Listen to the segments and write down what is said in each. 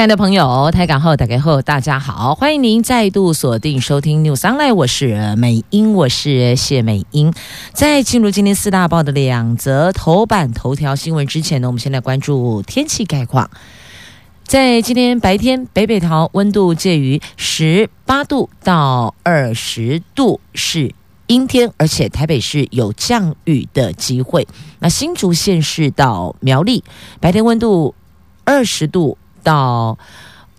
親愛的朋友台港後打開後，大家好，歡迎您再度鎖定收聽《News Online》，我是美英，我是謝美英。在進入今天四大報的兩則頭版頭條新聞之前呢，我們先來關注天氣概況。在今天白天，北北桃溫度介於十八度到二十度，是陰天，而且台北市有降雨的機會。那新竹縣市到苗栗，白天溫度二十度。到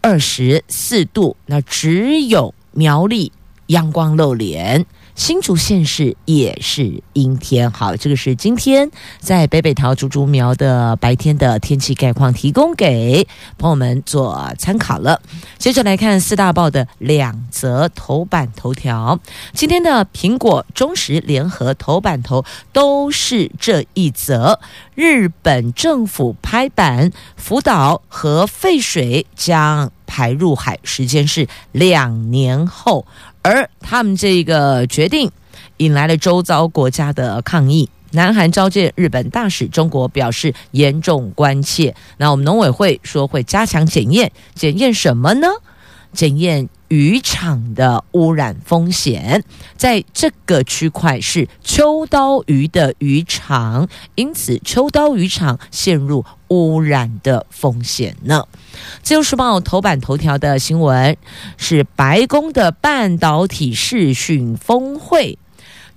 二十四度，那只有苗栗陽光露臉。新竹縣市也是陰天。好，這個是今天在北北桃竹竹苗的白天的天氣概況，提供給朋友們做參考了。接着來看四大報的兩則頭版頭條。今天的蘋果中時聯合頭版頭都是這一則：日本政府拍板，福島核廢水將排入海，時間是兩年後。而他們這個決定，引來了周遭國家的抗議。南韓召見日本大使，中國表示嚴重關切。那我們農委會說會加強檢驗，檢驗什麼呢？檢驗漁場的污染風險。在這個區塊是秋刀魚的漁場，因此秋刀魚場陷入。污染的風險呢。自由時報頭版頭條的新聞是白宮的半導體視訊峰會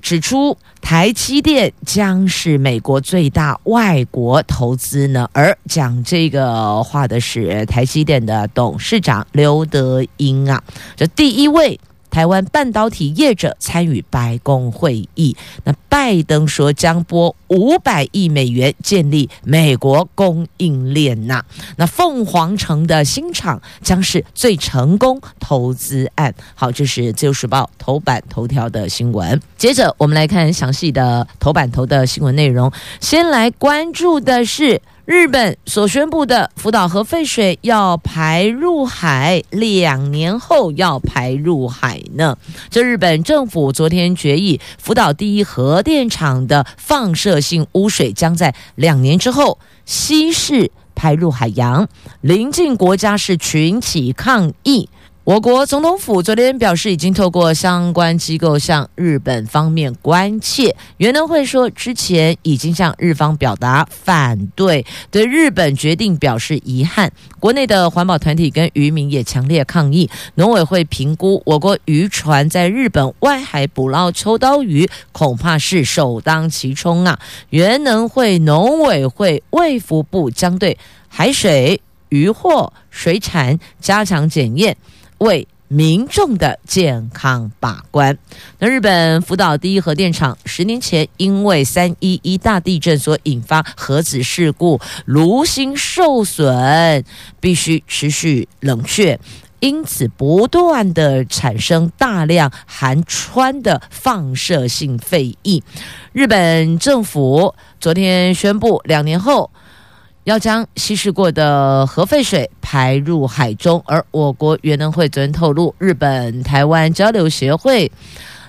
指出，台積電將是美國最大外國投資呢。而講這個話的是台積電的董事長劉德音啊，這第一位。台灣半導體業者參與白宮會議，那拜登說將撥五百億美元建立美國供應鏈吶、啊。那鳳凰城的新廠將是最成功投資案。好，這是自由時報頭版頭條的新聞。接着我們來看詳細的頭版頭的新聞內容。先來關注的是。日本所宣布的福島核廢水要排入海，兩年後要排入海呢？這日本政府昨天決議，福島第一核電廠的放射性污水將在兩年之後稀釋排入海洋，鄰近國家是群起抗議。我國總統府昨天表示，已經透過相關機構向日本方面關切。原能會說，之前已經向日方表達反對，對日本決定表示遺憾。國內的環保團體跟漁民也強烈抗議。農委會評估，我國漁船在日本外海捕撈秋刀魚，恐怕是首當其衝啊。原能會、農委會、衛福部將對海水、漁獲、水產加強檢驗。為民眾的健康把關。那日本福島第一核電廠十年前因為三一一大地震所引發核子事故爐心受損，必須持續冷卻，因此不斷的產生大量含氚的放射性廢液。日本政府昨天宣布，兩年後。要將稀釋過的核廢水排入海中，而我國原能會昨天透露，日本台灣交流協會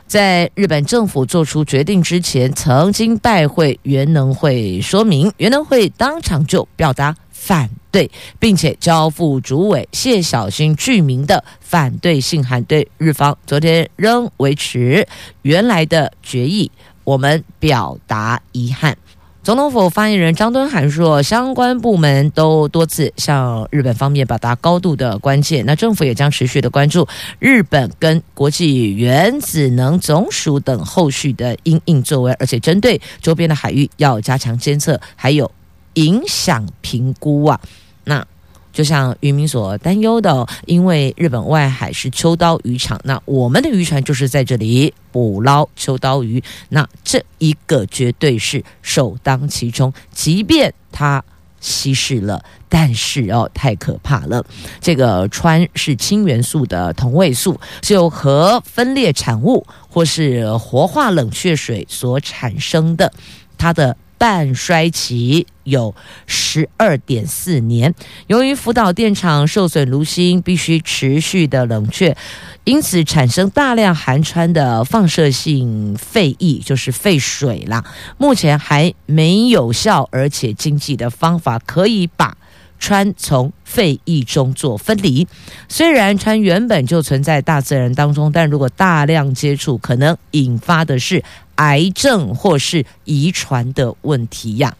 在日本政府做出決定之前，曾經拜會原能會，說明原能會當場就表達反對，並且交付主委謝曉星具名的反對信函，對日方昨天仍維持原來的決議，我們表達遺憾。總統府發言人張敦涵說，相關部門都多次向日本方面表達高度的關切。那政府也將持續的關注日本跟國際原子能總署等後續的因應作為，而且針對週邊的海域要加強監測，還有影響評估啊。就像漁民所擔憂的，因為日本外海是秋刀魚場，那我們的漁船就是在這裡捕撈秋刀魚，那這一個絕對是首當其衝。即便它稀釋了，但是哦，太可怕了。這個氚是氫元素的同位素，是由核分裂產物或是活化冷卻水所產生的，它的。半衰期有十二點四年。由於福島電廠受損爐心必須持續的冷卻，因此產生大量含氚的放射性廢液，就是廢水啦。目前還沒有效而且經濟的方法可以把。氚從廢液中做分離，雖然氚原本就存在大自然當中，但如果大量接觸，可能引發的是癌症或是遺傳的問題呀。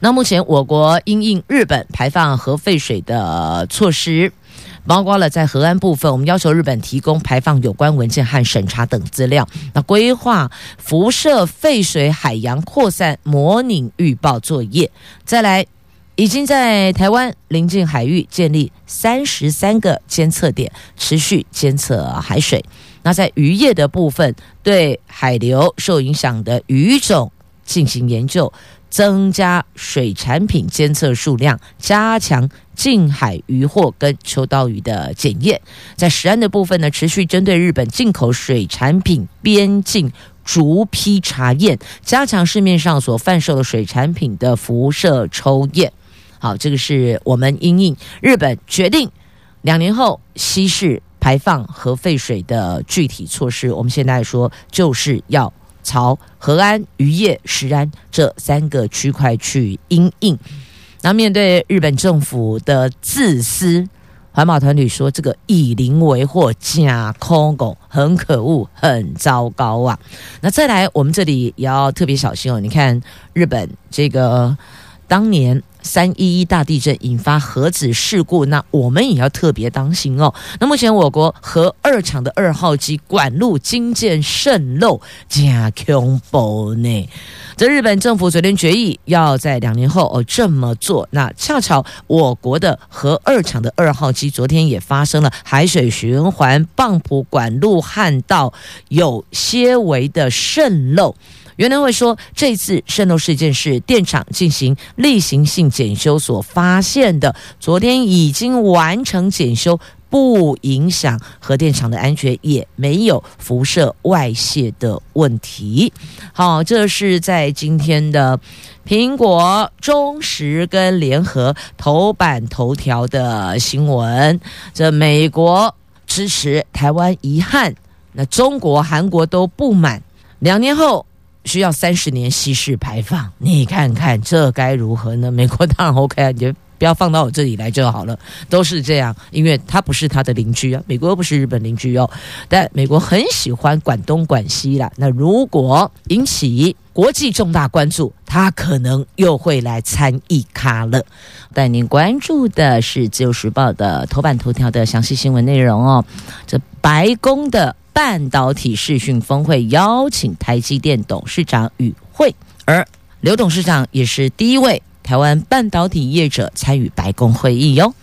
那目前我國因應日本排放核廢水的措施，包括了在核安部分，我們要求日本提供排放有關文件和審查等資料。那規劃輻射廢水海洋擴散模擬預報作業，再來。已經在台灣臨近海域建立三十三個監測點，持續監測海水。那在漁業的部分，對海流受影響的魚種進行研究，增加水產品監測數量，加強近海漁獲跟秋刀魚的檢驗。在食安的部分呢，持續針對日本進口水產品邊境逐批查驗，加強市面上所販售的水產品的輻射抽驗。好，這個是我們因應日本決定兩年後稀釋排放核廢水的具體措施。我們現在說就是要朝核安、漁業、食安這三個區塊去因應。那面對日本政府的自私，環保團體說這個以鄰為壑，假空狗很可惡，很糟糕啊。那再來，我們這裡也要特別小心哦。你看日本這個。當年三一一大地震引發核子事故，那我們也要特別當心哦。那目前我國核二廠的二號機管路驚見滲漏加恐怖呢？這日本政府昨天決議要在兩年後哦這麼做。那恰巧我國的核二廠的二號機昨天也發生了海水循環泵浦管路焊道有些微的滲漏。原能會說：“這次滲透事件是電廠進行例行性檢修所發現的。昨天已經完成檢修，不影響核電廠的安全，也沒有輻射外泄的問題，哦”好，這是在今天的蘋果、中時跟聯合頭版頭條的新聞。這美國支持台灣，遺憾，那中國、韓國都不滿。兩年後。需要三十年稀釋排放，你看看這該如何呢？美國當然 OK 啊，你就不要放到我這裡來就好了。都是這樣，因為他不是他的鄰居啊，美國又不是日本鄰居哦，但美國很喜歡管東管西啦。那如果引起國際重大關注，他可能又會來參一咖了。帶您關注的是《自由時報》的頭版頭條的詳細新聞內容哦。這白宮的半導體視訊峰會邀請台積電董事長與會，而劉董事長也是第一位台灣半導體業者參與白宮會議喲。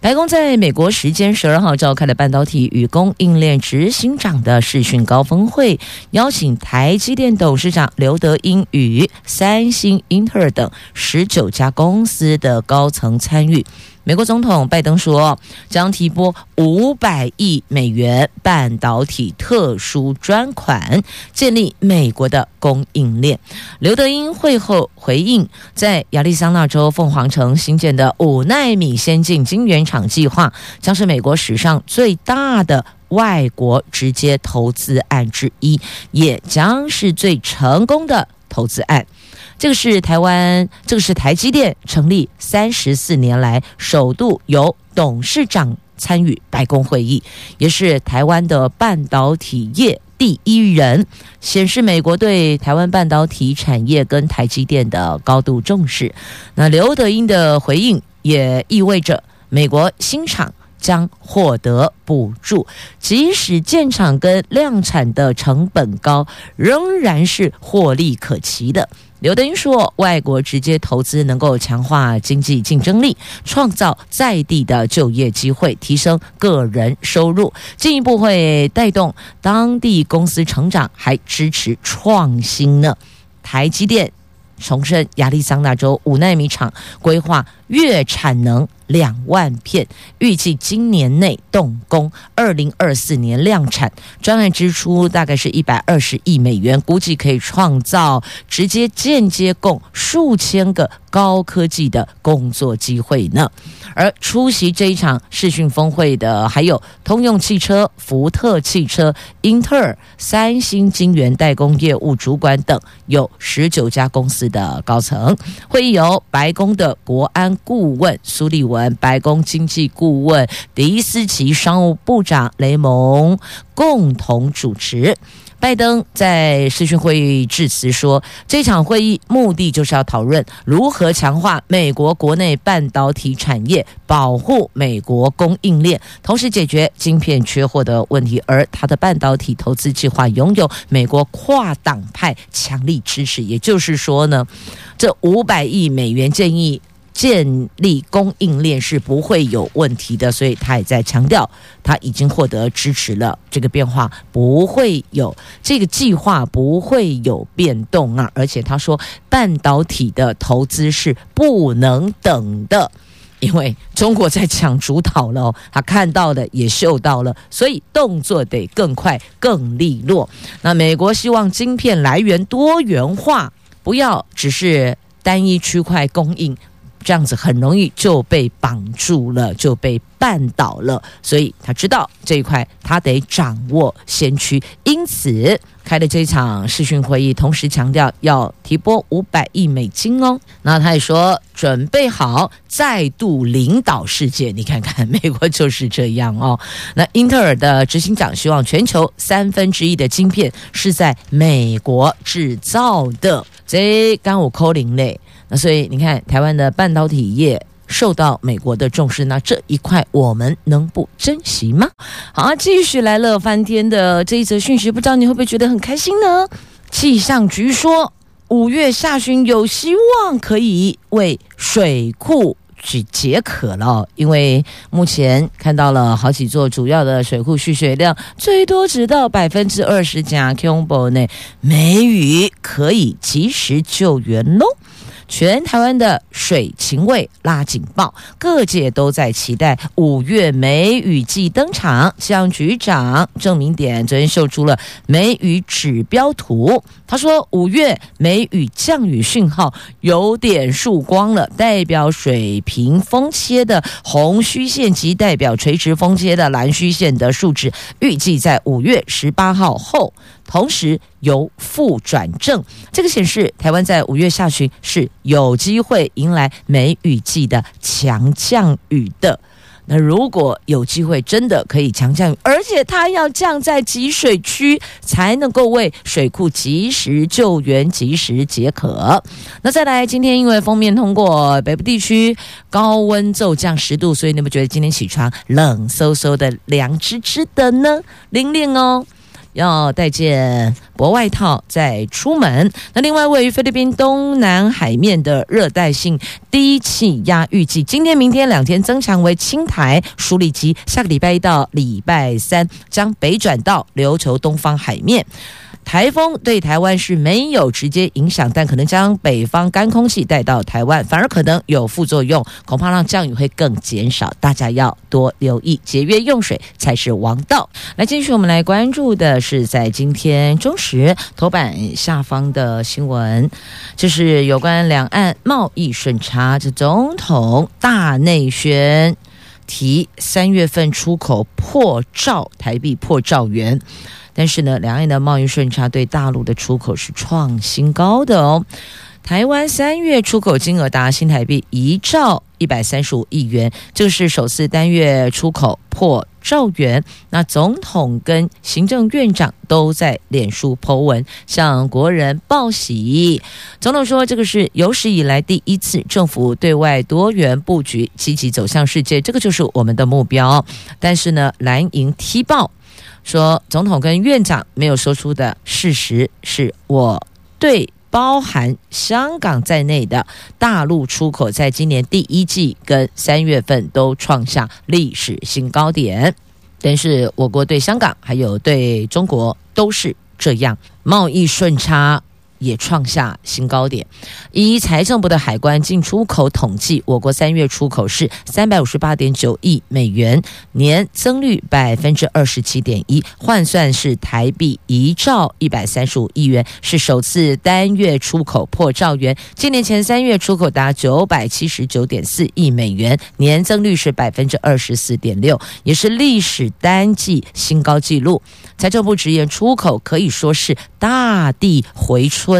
白宮在美國時間十二號召開的半導體與供應鏈執行長的視訊高峰會，邀請台積電董事長劉德音與三星、英特爾等十九家公司的高層參與。美國總統拜登說，將提撥五百億美元半導體特殊專款，建立美國的供應鏈。劉德音會後回應，在亞利桑那州鳳凰城新建的五奈米先進晶圓廠計劃，將是美國史上最大的外國直接投資案之一，也將是最成功的投資案。這個是台灣，這個是台積電成立三十四年來首度由董事長參與白宮會議，也是台灣的半導體業第一人，顯示美國對台灣半導體產業跟台積電的高度重視。那劉德音的回應也意味着，美國新廠將獲得補助，即使建廠跟量產的成本高，仍然是獲利可期的。劉德英說：“外國直接投資能夠強化經濟競爭力，創造在地的就業機會，提升個人收入，進一步會帶動當地公司成長，還支持創新呢。台”台積電重申亞利桑那州五奈米廠規劃。月產能兩萬片，預計今年內動工，二零二四年量產。專案支出大概是一百二十億美元，估計可以創造直接間接共數千個高科技的工作機會呢。而出席這一場視訊峰會的，還有通用汽車、福特汽車、英特爾、三星晶圓代工業務主管等，有十九家公司的高層。會議由白宮的國安，顧問蘇利文、白宮經濟顧問迪斯奇、商務部長雷蒙共同主持。拜登在視訊會議致辭說：“這場會議目的就是要討論如何強化美國國內半導體產業，保護美國供應鏈，同時解決晶片缺貨的問題。”而他的半導體投資計劃擁有美國跨黨派強力支持，也就是說呢，這五百億美元建議。建立供應鏈是不會有問題的，所以他也在強調，他已經獲得支持了。這個變化不會有，這個計劃不會有變動啊！而且他說，半導體的投資是不能等的，因為中國在搶主導了，他看到的也嗅到了，所以動作得更快更利落。那美國希望晶片來源多元化，不要只是單一區塊供應。這樣子很容易就被綁住了，就被絆倒了。所以他知道這一塊他得掌握先驅，因此開的這一場視訊會議，同時強調要提撥五百億美金哦。那他也說準備好再度領導世界。你看看美國就是這樣哦。那英特爾的執行長希望全球三分之一的晶片是在美國製造的。這剛我扣零嘞。那所以你看，台灣的半導體業受到美國的重視，那這一塊我們能不珍惜嗎？好啊，繼續來樂翻天的這一則訊息，不知道你會不會覺得很開心呢？氣象局說，五月下旬有希望可以為水庫去解渴了，因為目前看到了好幾座主要的水庫蓄水量最多只到百分之二十，加 c o m b 內梅雨可以及時救援嘍。全台灣的水情衛拉警報，各界都在期待五月梅雨季登場。氣象局長鄭明典昨天秀出了梅雨指標圖，他說五月梅雨降雨訊號有點曙光了，代表水平風切的紅虛線及代表垂直風切的藍虛線的數值，預計在五月十八號後。同時由負轉正，這個顯示台灣在五月下旬是有機會迎來梅雨季的強降雨的。那如果有機會真的可以強降雨，而且它要降在集水區，才能夠為水庫及時救援、及時解渴。那再來，今天因為鋒面通過北部地區，高溫驟降十度，所以你們覺得今天起床冷颼颼的、涼吱吱的呢？玲玲哦。要帶件薄外套再出門。那另外，位於菲律賓東南海面的熱帶性低氣壓，預計今天、明天兩天增強為輕颱舒力基，下個禮拜一到禮拜三將北轉到琉球東方海面。颱風對台灣是沒有直接影響，但可能將北方乾空氣帶到台灣，反而可能有副作用，恐怕讓降雨會更減少。大家要多留意，節約用水才是王道。來，繼續我們來關注的是在今天中時頭版下方的新聞，就是有關兩岸貿易順差的總統大內宣提三月份出口破兆，台幣破兆元。但是呢，兩岸的貿易順差對大陸的出口是創新高的哦。台灣三月出口金額達新台幣一兆一百三十五億元，這是首次單月出口破兆元。那總統跟行政院長都在臉書 Po 文向國人報喜。總統說，這個是有史以來第一次政府對外多元布局，積極走向世界，這個就是我們的目標。但是呢，藍營踢爆。說總統跟院長沒有說出的事實是，我對包含香港在內的大陸出口，在今年第一季跟三月份都創下歷史新高點，但是我國對香港還有對中國都是這樣貿易順差，也創下新高點。以財政部的海關進出口統計，我國三月出口是三百五十八點九億美元，年增率百分之二十七點一，換算是台幣一兆一百三十五億元，是首次單月出口破兆元。今年前三月出口達九百七十九點四億美元，年增率是百分之二十四點六，也是歷史單季新高紀錄。財政部直言，出口可以說是大地回春。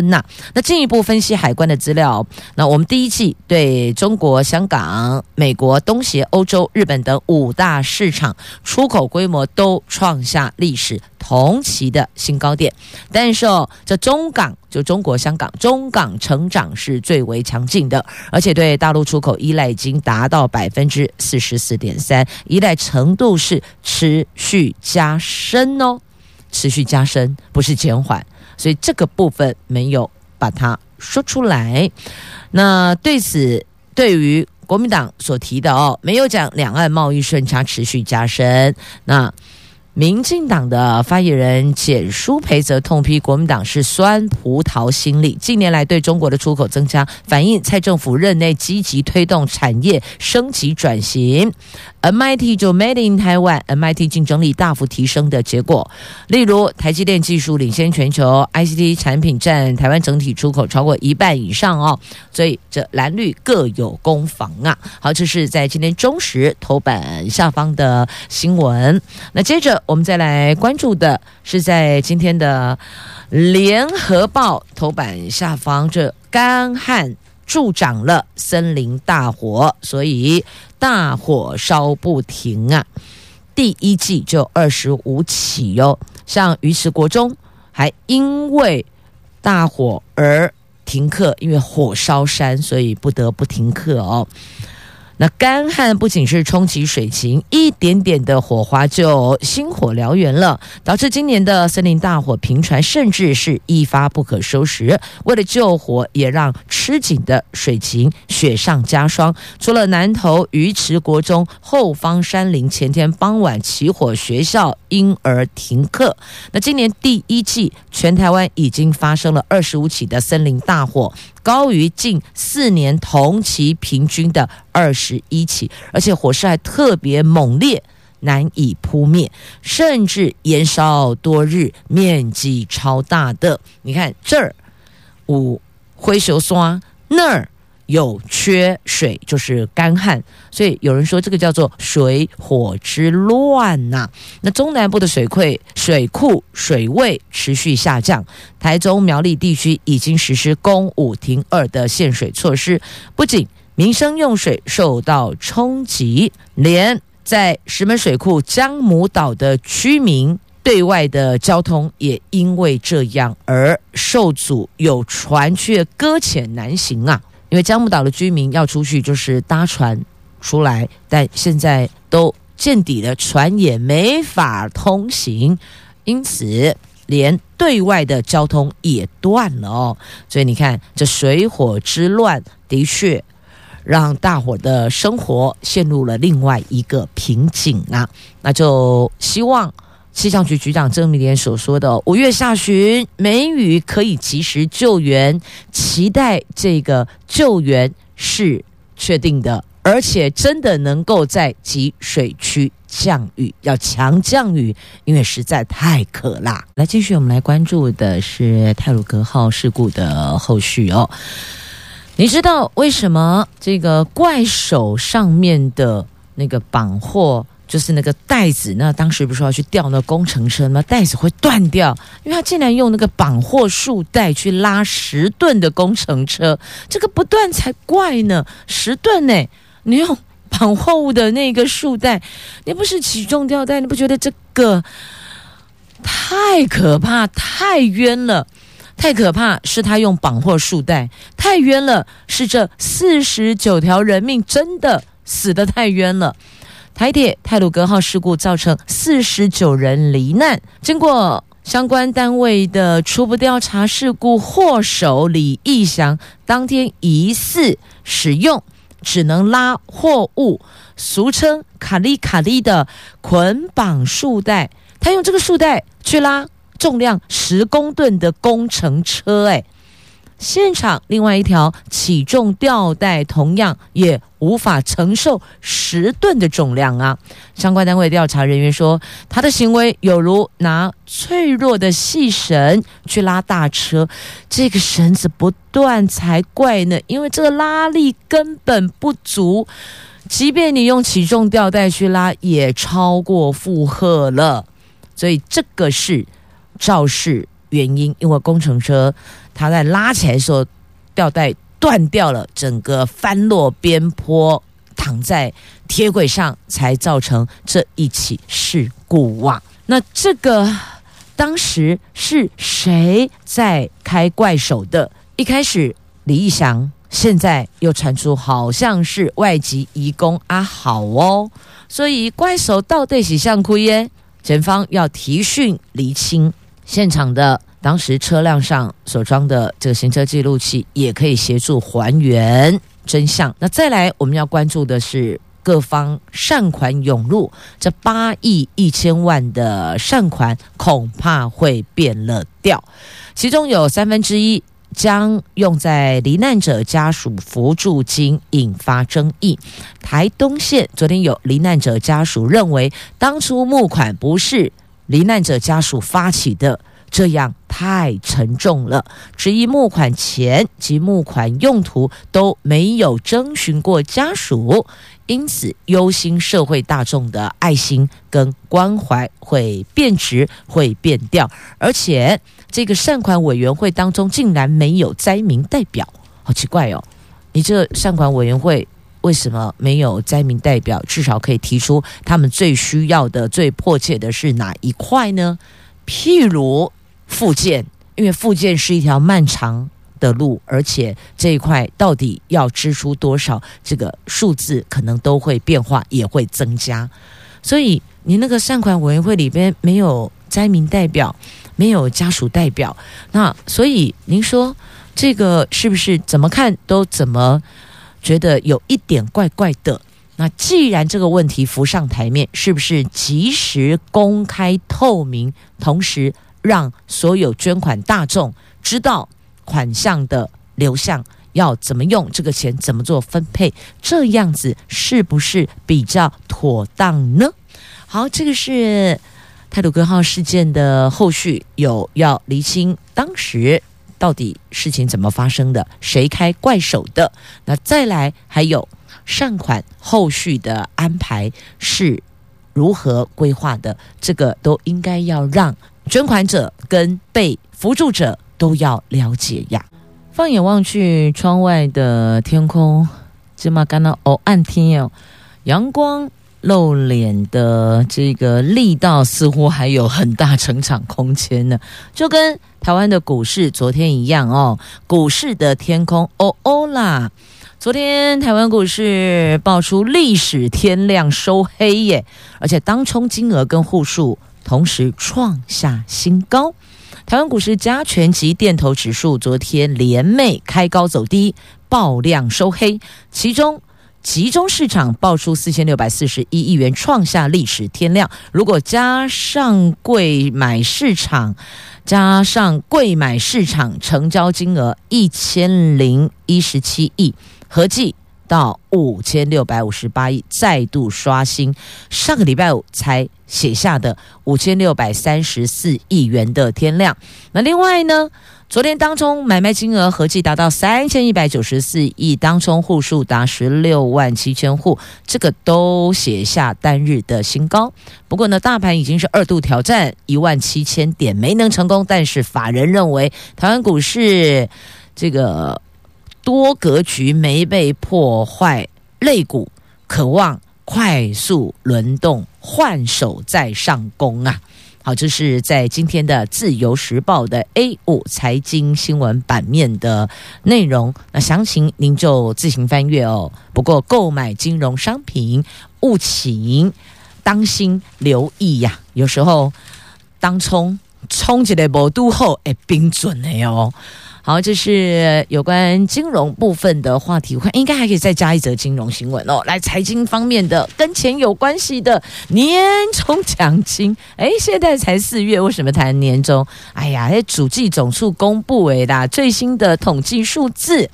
那進一步分析海關的資料，那我們第一季對中國香港、美國、東協、歐洲、日本等五大市場出口規模都創下歷史同期的新高點。但是哦，這中港就中國香港，中港成長是最為強勁的，而且對大陸出口依賴已經達到百分之四十四點三，依賴程度是持續加深哦，持續加深，不是減緩。所以這個部分沒有把它說出來。那對此，對於國民黨所提的哦，沒有講兩岸貿易順差持續加深。那。民進黨的發言人簡舒培則痛批國民黨是酸葡萄心理，近年來對中國的出口增加，反映蔡政府任內積極推動產業升級轉型，M I T 就 Made in Taiwan，M I T 競爭力大幅提升的結果，例如台積電技術領先全球，I C T 產品占台灣整體出口超過一半以上哦，所以這藍綠各有攻防啊。好，這是在今天中時頭版下方的新聞，那接着。我們再來關注的是，在今天的《聯合報》頭版下方，這乾旱助長了森林大火，所以大火燒不停啊！第一季就二十五起喲、哦，像魚池國中還因為大火而停課，因為火燒山，所以不得不停課哦。那乾旱不僅是衝擊水情，一點點的火花就星火燎原了，導致今年的森林大火頻傳，甚至是一發不可收拾。為了救火，也讓吃緊的水情雪上加霜。除了南投魚池國中後方山林前天傍晚起火，學校因而停課。那今年第一季，全台灣已經發生了二十五起的森林大火。高於近四年同期平均的二十一起，而且火勢還特別猛烈，難以撲滅，甚至延燒多日，面積超大的。你看這兒，五灰熊山那兒。有缺水就是乾旱，所以有人說這個叫做水火之亂吶、啊。那中南部的水庫水庫水位持續下降，台中苗栗地區已經實施供五停二的限水措施，不僅民生用水受到衝擊，連在石門水庫薑母島的居民對外的交通也因為這樣而受阻，有船卻擱淺難行啊。因為江姆島的居民要出去，就是搭船出來，但現在都見底了，船也沒法通行，因此連對外的交通也斷了哦。所以你看，這水火之亂的確讓大夥的生活陷入了另外一個瓶頸啊。那就希望。氣象局局長鄭明典所說的，哦，五月下旬梅雨可以及時救援，期待這個救援是確定的，而且真的能夠在集水區降雨，要強降雨，因為實在太渴了。來，繼續我們來關注的是太魯閣號事故的後續哦。你知道為什麼這個怪手上面的那個綁貨？就是那個袋子，那當時不是要去吊那工程車嗎？袋子會斷掉，因為他竟然用那個綁貨束帶去拉十噸的工程車，這個不斷才怪呢！十噸呢，你用綁貨物的那個束帶，你不是起重吊帶？你不覺得這個太可怕、太冤了？太可怕是他用綁貨束帶，太冤了，是這四十九條人命真的死得太冤了。台鐵太魯閣號事故造成四十九人罹難。經過相關單位的初步調查，事故禍首李義祥當天疑似使用只能拉貨物（俗稱卡利卡利）的捆綁束帶，他用這個束帶去拉重量十公噸的工程車誒，誒現場另外一條起重吊帶同樣也無法承受十噸的重量啊！相關單位調查人員說，他的行為有如拿脆弱的細繩去拉大車，這個繩子不斷才怪呢，因為這個拉力根本不足，即便你用起重吊帶去拉，也超過負荷了，所以這個是肇事原因，因為工程車它在拉起來的時候吊帶斷掉了，整個翻落邊坡，躺在鐵軌上，才造成這一起事故啊。哇！那這個當時是誰在開怪手的？一開始李義祥，現在又傳出好像是外籍移工阿好哦。所以怪手到底是誰？警方要提訊釐清。現場的當時車輛上所裝的這個行車記錄器也可以協助還原真相。那再來，我們要關注的是各方善款湧入，這八億一千萬的善款恐怕會變了調。其中有三分之一將用在罹難者家屬扶助金，引發爭議。台東縣昨天有罹難者家屬認為，當初募款不是。罹難者家屬發起的，這樣太沉重了。至於募款錢及募款用途都沒有徵詢過家屬，因此憂心社會大眾的愛心跟關懷會變質、會變調。而且這個善款委員會當中竟然沒有災民代表，好奇怪哦！你這善款委員會。為什麼沒有災民代表？至少可以提出他們最需要的、最迫切的是哪一塊呢？譬如復建，因為復建是一條漫長的路，而且這一塊到底要支出多少，這個數字可能都會變化，也會增加。所以，您那個善款委員會裡邊沒有災民代表，沒有家屬代表，那所以您說這個是不是怎麼看都怎麼？覺得有一點怪怪的。那既然這個問題浮上台面，是不是及時公開透明，同時讓所有捐款大眾知道款項的流向，要怎麼用這個錢，怎麼做分配，這樣子是不是比較妥當呢？好，這個是太魯閣號事件的後續，有要釐清當時。到底事情怎麼發生的？誰開怪手的？那再來還有善款後續的安排是如何規劃的？這個都應該要讓捐款者跟被扶助者都要了解呀。放眼望去，窗外的天空，這麼乾了哦，暗天哦，陽光。露臉的這個力道似乎還有很大成長空間呢，就跟台灣的股市昨天一樣哦。股市的天空哦哦啦，昨天台灣股市爆出歷史天量收黑耶，而且當沖金額跟戶數同時創下新高。台灣股市加權及店頭指數昨天聯袂開高走低，爆量收黑，其中。集中市場爆出四千六百四十一億元，創下歷史天量。如果加上櫃買市場，加上櫃買市場成交金額一千零一十七億，合計。到五千六百五十八億，再度刷新上個禮拜五才寫下的五千六百三十四億元的天量。那另外呢，昨天當沖買賣金額合計達到三千一百九十四億，當沖戶數達十六萬七千戶，這個都寫下單日的新高。不過呢，大盤已經是二度挑戰一萬七千點，沒能成功。但是法人認為，台灣股市這個。多格局沒被破壞肋骨，類股渴望快速輪動換手再上攻啊！好，這是在今天的《自由時報》的 A 五財經新聞版面的內容。那詳情您就自行翻閱哦。不過購買金融商品，務請當心留意呀、啊。有時候當沖沖起來無度後，會冰準的哦。好，這是有關金融部分的話題。我看應該還可以再加一則金融新聞哦。來，財經方面的跟錢有關係的年終獎金。誒，現在才四月，為什麼談年終？哎呀，誒，主計總處公布哎啦，最新的統計數字，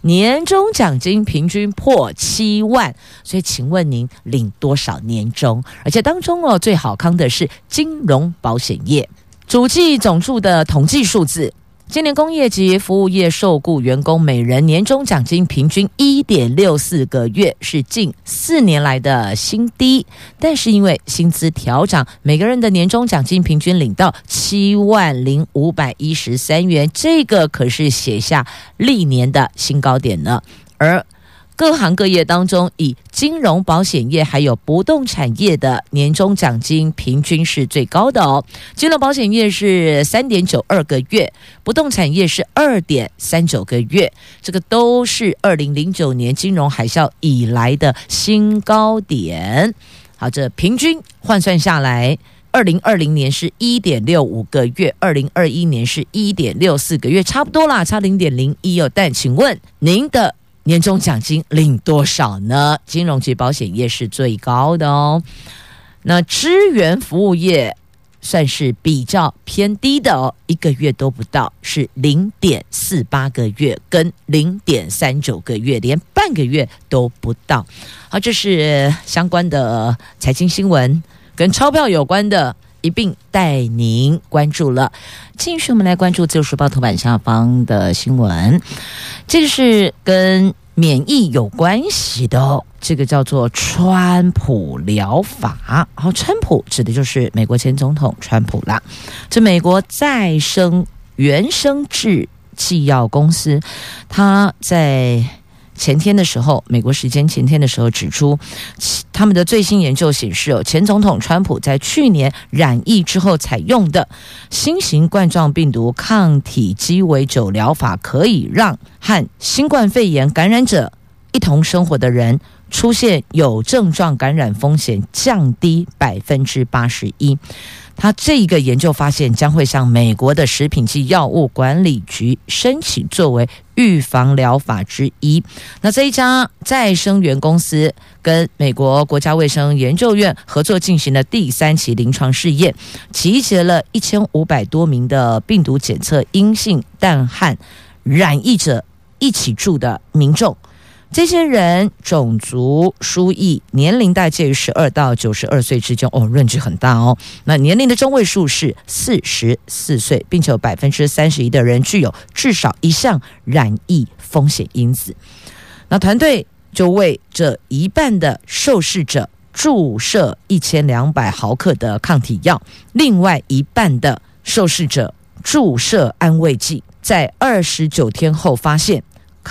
年終獎金平均破七萬。所以，請問您領多少年終？而且當中哦，最好康的是金融保險業主計總處的統計數字。今年工業及服務業受雇員工每人年終獎金平均一點六四個月，是近四年來的新低。但是因為薪資調漲，每個人的年終獎金平均領到七萬零五百一十三元，這個可是寫下歷年的新高點呢。而各行各業當中，以金融保險業還有不動產業的年終獎金平均是最高的哦。金融保險業是三點九二個月，不動產業是二點三九個月，這個都是二零零九年金融海嘯以來的新高點。好，這平均換算下來，二零二零年是一點六五個月，二零二一年是一點六四個月，差不多啦，差零點零一哦。但請問您的？年終獎金領多少呢？金融及保險業是最高的哦，那支援服務業算是比較偏低的哦，一個月都不到，是零點四八個月跟零點三九個月，連半個月都不到。好，啊，這是相關的財經新聞，跟鈔票有關的。一併帶您關注了。繼續，我們來關注《自由時報》頭版下方的新聞，這個是跟免疫有關係的，這個叫做“川普療法”。好，川普指的就是美國前總統川普了。這美國再生原生制製藥公司，它在，前天的時候，美國時間前天的時候指出，他們的最新研究顯示，有前總統川普在去年染疫之後採用的新型冠狀病毒抗體雞尾酒療法，可以讓和新冠肺炎感染者一同生活的人出現有症狀感染風險降低百分之八十一。他這一個研究發現將會向美國的食品及藥物管理局申請作為預防療法之一。那這一家再生元公司跟美國國家衛生研究院合作進行了第三期臨床試驗，集結了一千五百多名的病毒檢測陰性但和染疫者一起住的民眾。這些人種族、輸液、年齡大介於十二到九十二歲之間哦，範圍很大哦。那年齡的中位數是四十四歲，並且有百分之三十一的人具有至少一項染疫風險因子。那團隊就為這一半的受試者注射一千兩百毫克的抗體藥，另外一半的受試者注射安慰劑，在二十九天後發現。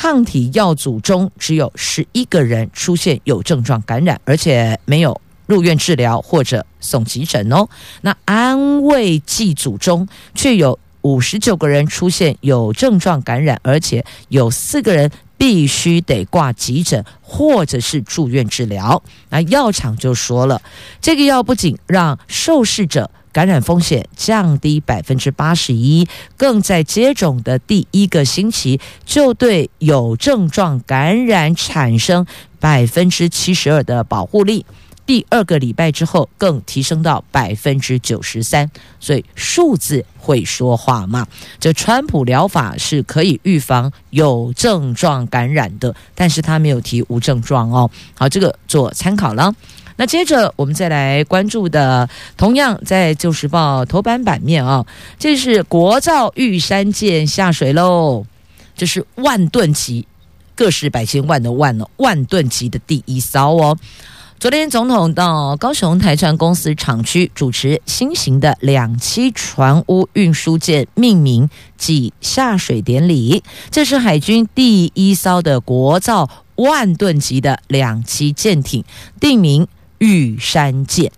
抗體藥組中只有十一個人出現有症狀感染，而且沒有入院治療或者送急診哦。那安慰劑組中卻有五十九個人出現有症狀感染，而且有四個人必須得掛急診或者是住院治療。那藥廠就說了，這個藥不僅讓受試者。感染風險降低百分之八十一，更在接種的第一個星期就對有症狀感染產生百分之七十二的保護力，第二個禮拜之後更提升到百分之九十三。所以數字會說話嘛？這川普療法是可以預防有症狀感染的，但是他沒有提無症狀哦。好，這個做參考了。那接着我們再來關注的，同樣在《舊時報》頭版版面啊、哦，這是國造玉山艦下水嘍，這是萬噸級，個十百千萬的萬哦，萬噸級的第一艘哦。昨天總統到高雄台船公司廠區主持新型的兩棲船塢運輸艦命名暨下水典禮，這是海軍第一艘的國造萬噸級的兩棲艦艇，定名。玉山艦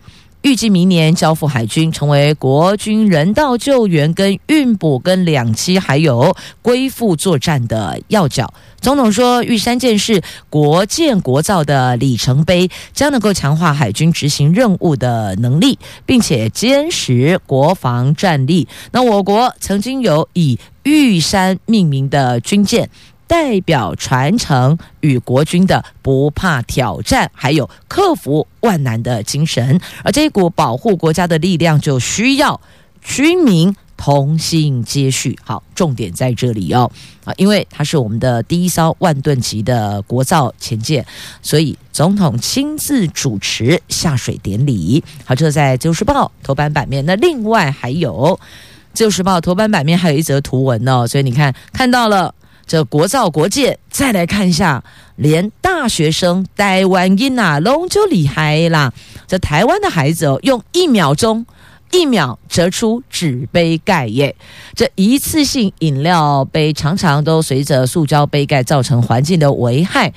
預計明年交付海軍，成為國軍人道救援、跟運補、跟兩棲還有恢復作戰的要角。總統說，玉山艦是國艦國造的里程碑，將能夠強化海軍執行任務的能力，並且堅實國防戰力。那我國曾經有以玉山命名的軍艦。代表傳承與國軍的不怕挑戰，還有克服萬難的精神，而這一股保護國家的力量，就需要軍民同心接續。好，重點在這裡哦。啊，因為它是我們的第一艘萬噸級的國造潛艦，所以總統親自主持下水典禮。好，這在《自由時報》頭版版面。那另外還有，《自由時報》頭版版面還有一則圖文哦。所以你看，看到了。這國造國建，再來看一下，連大學生台灣人啊攏就厲害啦。這台灣的孩子哦，用一秒鐘，一秒折出紙杯蓋耶。這一次性飲料杯常常都隨着塑膠杯蓋造成環境的危害，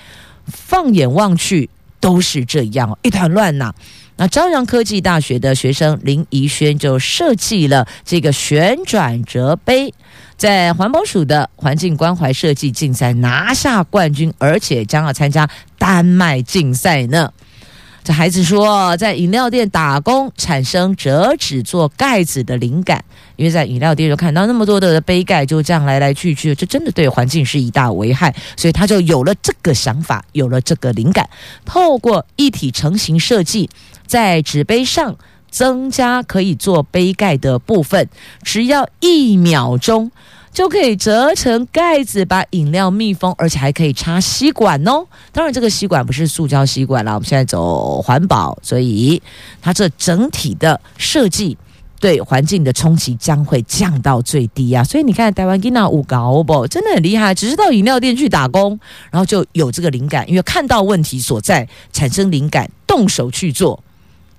放眼望去都是這樣，一團亂吶。那朝陽科技大學的學生林宜軒就設計了這個旋轉折杯，在環保署的環境關懷設計競賽拿下冠軍，而且將要參加丹麥競賽呢。這孩子說，在飲料店打工，產生折紙做蓋子的靈感，因為在飲料店就看到那麼多的杯蓋，就這樣來來去去，這真的對環境是一大危害，所以他就有了這個想法，有了這個靈感。透過一體成型設計，在紙杯上增加可以做杯蓋的部分，只要一秒鐘。就可以折成蓋子，把飲料密封，而且還可以插吸管哦、喔。當然，這個吸管不是塑膠吸管啦，我們現在走環保，所以它這整體的設計對環境的衝擊將會降到最低啊。所以你看，台灣 Gina，有夠不，真的很厲害。只是到飲料店去打工，然後就有這個靈感，因為看到問題所在，產生靈感，動手去做。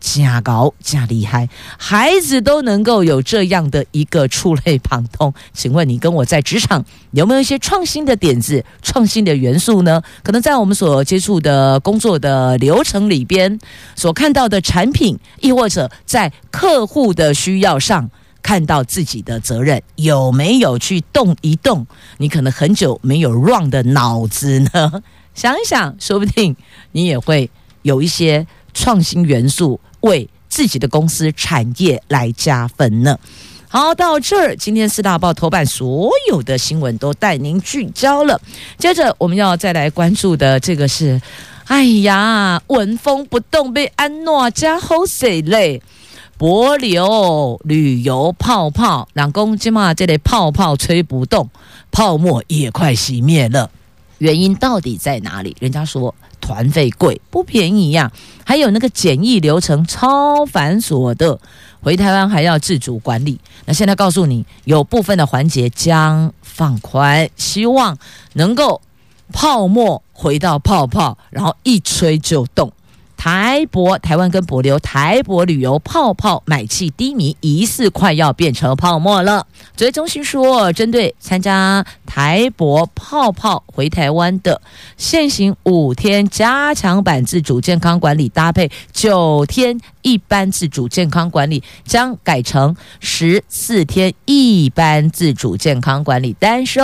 加高加厲害，孩子都能夠有這樣的一個觸類旁通。請問你跟我在職場有沒有一些創新的點子、創新的元素呢？可能在我們所接觸的工作的流程裡邊，所看到的產品，亦或者在客戶的需要上看到自己的責任，有沒有去動一動？你可能很久沒有 run 的腦子呢，想一想，說不定你也會有一些創新元素，為自己的公司產業來加分呢。好，到這兒，今天四大報頭版所有的新聞都帶您聚焦了。接着，我們要再來關注的這個是，哎呀，文風不動被安諾加吼死嘞！帛琉旅遊泡泡，兩公斤嘛，這裡泡泡吹不動，泡沫也快熄滅了。原因到底在哪裡？人家說團費貴，不便宜呀、啊。還有那個檢疫流程超繁瑣的，回台灣還要自主管理。那現在告訴你，有部分的環節將放寬，希望能夠泡沫回到泡泡，然後一吹就動。台帛台灣跟帛琉台帛旅遊泡泡買氣低迷，疑似快要變成泡沫了。指揮中心說，針對參加。台博泡泡回台灣的現行五天加強版自主健康管理，搭配九天一般自主健康管理，將改成十四天一般自主健康管理。但是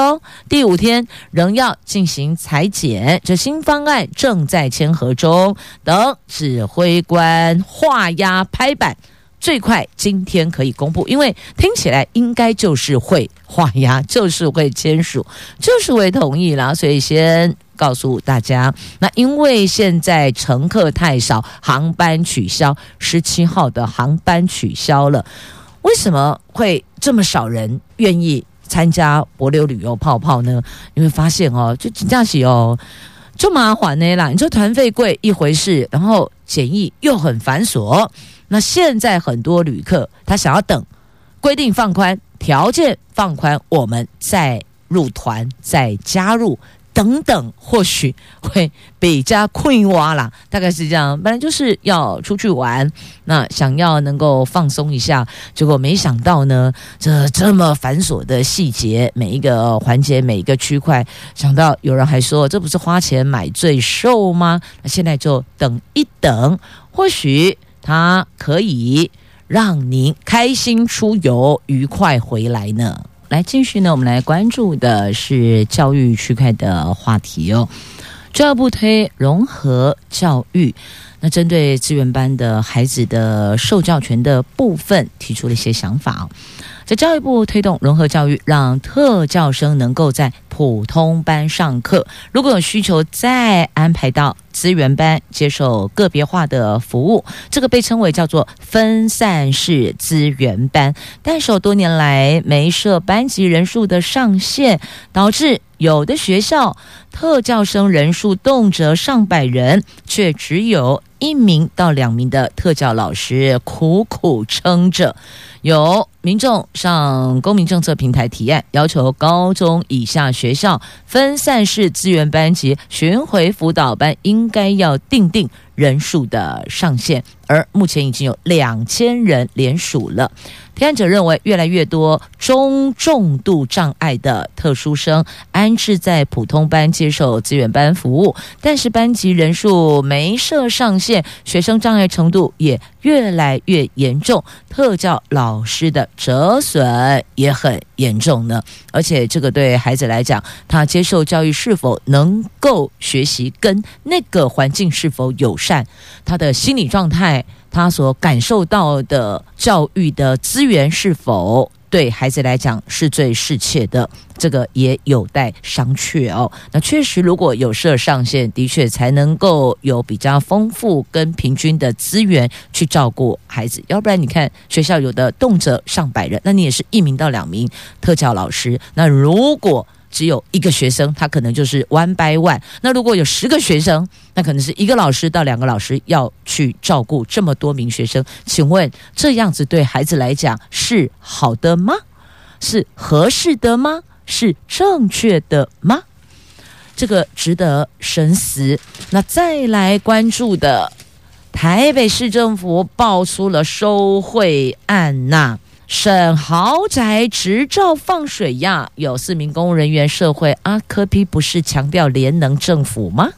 第五天仍要進行採檢。這新方案正在簽核中，等指揮官畫押拍板。最快今天可以公布，因為聽起來應該就是會畫押，就是會簽署，就是會同意啦。所以先告訴大家，那因為現在乘客太少，航班取消，十七號的航班取消了。為什麼會這麼少人願意參加帛琉旅遊泡泡呢？你會發現哦，就真這樣子哦，就麻煩呢啦。你說團費貴一回事，然後檢疫又很繁瑣。那現在很多旅客他想要等，規定放寬，條件放寬，我們再入團、再加入等等，或許會比較困挖啦。大概是這樣，本來就是要出去玩，那想要能夠放鬆一下，結果沒想到呢，這這麼繁瑣的細節，每一個環節、每一個區塊，想到有人還說這不是花錢買罪受嗎？那現在就等一等，或許。它可以讓您開心出遊、愉快回來呢。來，繼續呢，我們來關注的是教育區塊的話題哦。教育部推融合教育。那針對資源班的孩子的受教權的部分，提出了一些想法哦。在教育部推動融合教育，讓特教生能夠在普通班上課，如果有需求，再安排到資源班接受個別化的服務。這個被稱為叫做分散式資源班，但是有多年來沒設班級人數的上限，導致有的學校特教生人數動輒上百人，卻只有。一名到兩名的特教老師苦苦撐着，有民眾上公民政策平台提案，要求高中以下學校分散式資源班及巡回輔導班應該要訂定人數的上限，而目前已經有兩千人聯署了。提案者認為，越來越多中重度障礙的特殊生安置在普通班接受資源班服務，但是班級人數沒設上限，學生障礙程度也越來越嚴重，特教老師的折損也很嚴重呢。而且，這個對孩子來講，他接受教育是否能夠學習，跟那個環境是否友善，他的心理狀態。他所感受到的教育的資源是否對孩子來講是最適切的，這個也有待商榷哦。那確實，如果有設上限，的確才能夠有比較豐富跟平均的資源去照顧孩子。要不然，你看學校有的動輒上百人，那你也是一名到兩名特教老師。那如果，只有一個學生，他可能就是 one by one。那如果有十個學生，那可能是一個老師到兩個老師要去照顧這麼多名學生。請問這樣子對孩子來講是好的嗎？是合適的嗎？是正確的嗎？這個值得深思。那再來關注的，台北市政府爆出了收賄案吶、啊。省豪宅執照放水呀！有四名公務人員社會阿、啊、柯 P 不是強調廉能政府嗎？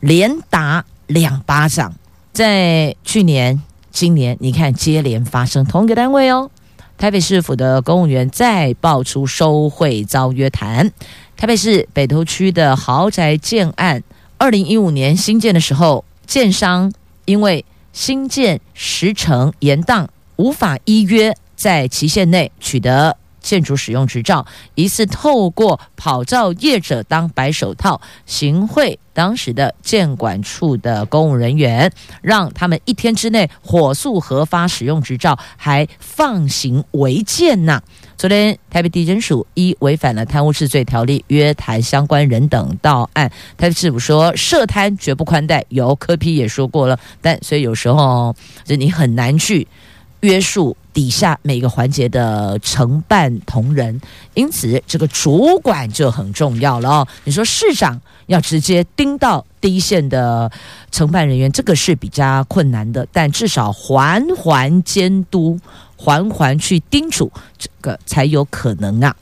連打兩巴掌。在去年、今年，你看接連發生同一個單位哦。台北市府的公務員再爆出收賄遭約談。台北市北投區的豪宅建案，二零一五年新建的時候，建商因為新建時程延宕，無法依約。在期限內取得建築使用執照，疑似透過跑照業者當白手套，行賄當時的建管處的公務人員，讓他們一天之內火速核發使用執照，還放行違建呢。昨天台北地檢署依違反了貪污治罪條例，約談相關人等到案。台北市府說涉貪絕不寬待，有柯 P 也說過了，但所以有時候、就是、你很難去。約束底下每個環節的承辦同仁，因此這個主管就很重要了哦。你說市長要直接盯到第一線的承辦人員，這個是比較困難的，但至少環環監督、環環去叮囑，這個才有可能啊。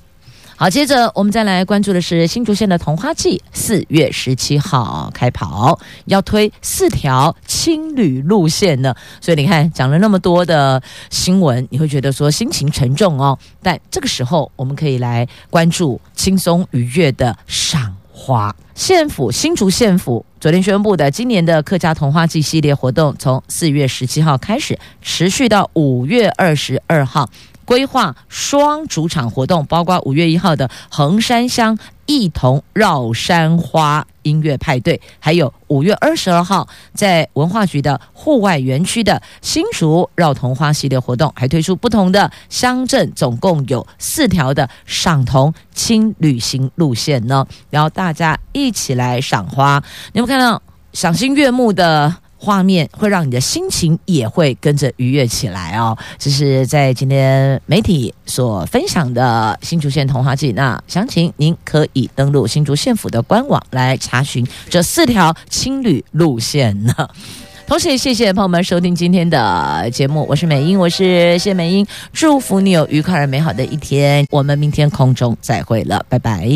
好，接着我們再來關注的是新竹縣的桐花季，四月十七號開跑，要推四條輕旅路線呢。所以你看，講了那麼多的新聞，你會覺得說心情沉重哦。但這個時候，我們可以來關注輕鬆愉悅的賞花。縣府新竹縣府昨天宣布的，今年的客家桐花季系列活動，從四月十七號開始，持續到五月二十二號。規劃雙主場活動，包括五月一號的橫山鄉一同繞山花音樂派對，還有五月二十二號在文化局的戶外園區的新竹繞桐花系列活動，還推出不同的鄉鎮，總共有四條的賞桐輕旅行路線呢。然後大家一起來賞花，你有沒有看到賞心悅目的？畫面會讓你的心情也會跟着愉悅起來哦！這是在今天媒體所分享的新竹縣童話季，那詳情您可以登錄新竹縣府的官網來查詢這四條輕旅路線呢。同時也謝謝朋友們收聽今天的節目，我是美英，我是謝美英，祝福你有愉快而美好的一天，我們明天空中再會了，拜拜。